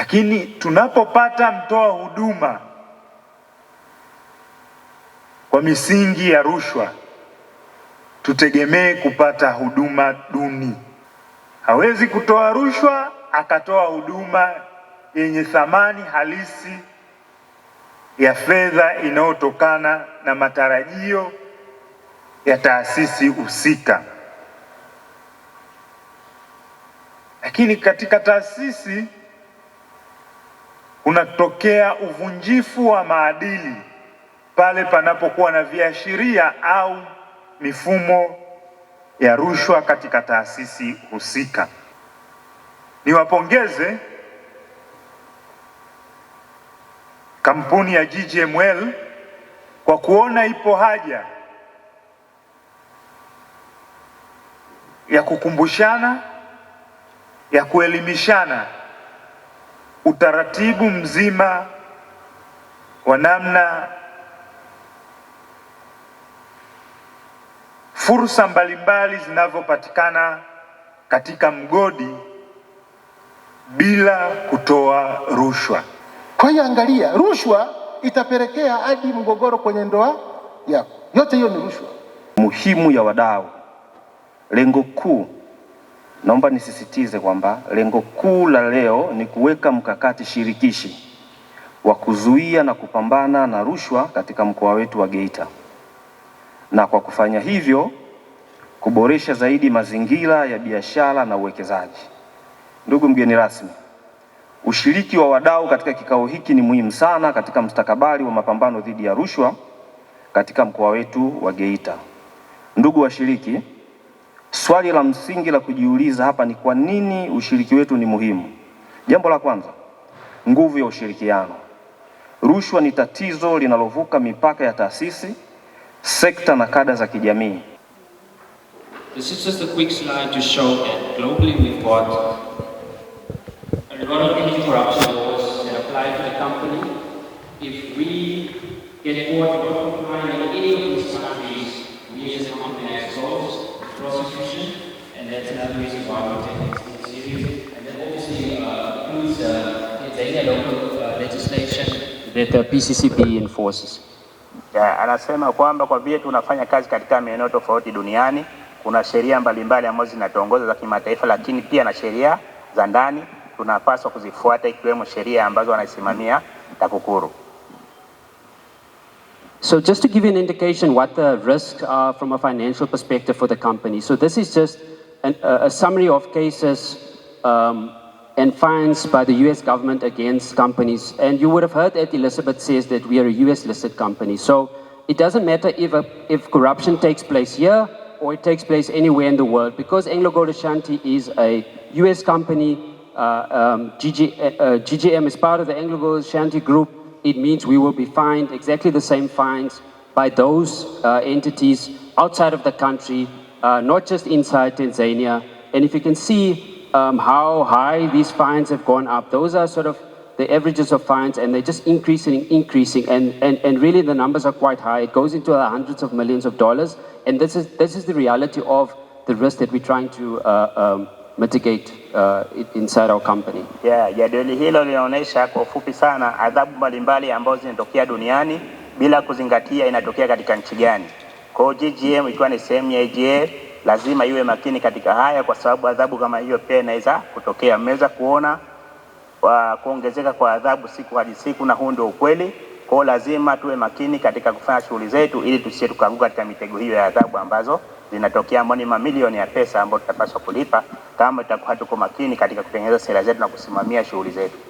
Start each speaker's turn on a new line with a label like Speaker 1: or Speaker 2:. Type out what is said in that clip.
Speaker 1: Lakini tunapopata mtoa huduma kwa misingi ya rushwa, tutegemee kupata huduma duni. Hawezi kutoa rushwa akatoa huduma yenye thamani halisi ya fedha inayotokana na matarajio ya taasisi husika. Lakini katika taasisi kunatokea uvunjifu wa maadili pale panapokuwa na viashiria au mifumo ya rushwa katika taasisi husika. Niwapongeze kampuni ya GGML kwa kuona ipo haja ya kukumbushana, ya kuelimishana utaratibu mzima wa namna fursa mbalimbali zinavyopatikana katika mgodi bila kutoa rushwa.
Speaker 2: Kwa hiyo angalia, rushwa itapelekea hadi mgogoro kwenye ndoa yako. Yote hiyo ni rushwa.
Speaker 3: Muhimu ya wadau, lengo kuu Naomba nisisitize kwamba lengo kuu la leo ni kuweka mkakati shirikishi wa kuzuia na kupambana na rushwa katika mkoa wetu wa Geita, na kwa kufanya hivyo kuboresha zaidi mazingira ya biashara na uwekezaji. Ndugu mgeni rasmi, ushiriki wa wadau katika kikao hiki ni muhimu sana katika mustakabali wa mapambano dhidi ya rushwa katika mkoa wetu wa Geita. Ndugu washiriki Swali la msingi la kujiuliza hapa ni kwa nini ushiriki wetu ni muhimu. Jambo la kwanza, nguvu ya ushirikiano. Rushwa ni tatizo linalovuka mipaka ya taasisi, sekta na kada za kijamii.
Speaker 4: This is just a quick slide to show that globally we've got a lot of anti-corruption laws that apply to the company. If we get more not complying in any of these countries, we as a company are exposed prosecution, and that's another reason why we're taking it seriously. And that obviously uh, includes uh, the Tanzania local uh, legislation that the PCCP enforces.
Speaker 5: Yeah, anasema kwamba kwa vile tunafanya kazi katika maeneo tofauti duniani, kuna sheria mbalimbali ambazo zinatongoza za kimataifa, lakini pia na sheria za ndani tunapaswa kuzifuata, ikiwemo sheria ambazo wanasimamia TAKUKURU.
Speaker 6: So just to give you an indication what the risks are from a financial perspective for the company. So this is just an, a, a, summary of cases um, and fines by the US government against companies. And you would have heard that Elizabeth says that we are a US listed company. So it doesn't matter if, a, if corruption takes place here or it takes place anywhere in the world because Gold Ashanti is a US company. Uh, um, GG, uh, GGM is part of the Gold Ashanti group it means we will be fined exactly the same fines by those uh, entities outside of the country, uh, not just inside Tanzania. And if you can see um, how high these fines have gone up, those are sort of the averages of fines, and they're just increasing and increasing. And, and, and really, the numbers are quite high. It goes into the hundreds of millions of dollars. And this is, this is the reality of the risk that we're trying to uh, um, mitigate uh, inside our company.
Speaker 5: Yeah, jadili hilo linaonyesha kwa ufupi sana adhabu mbalimbali ambazo zinatokea duniani bila kuzingatia inatokea katika nchi gani. Kwa hiyo GGM ikiwa ni sehemu ya IGA lazima iwe makini katika haya, kwa sababu adhabu kama hiyo pia inaweza kutokea. Mmeweza kuona wa kuongezeka kwa adhabu siku hadi siku, na huu ndio ukweli. Kwa hiyo lazima tuwe makini katika kufanya shughuli zetu, ili tusije tukaanguka katika mitego hiyo ya adhabu ambazo zinatokea ambayo mamilioni ya pesa ambayo tutapaswa kulipa kama tutakuwa tuko makini katika kutengeneza sera zetu na kusimamia shughuli zetu.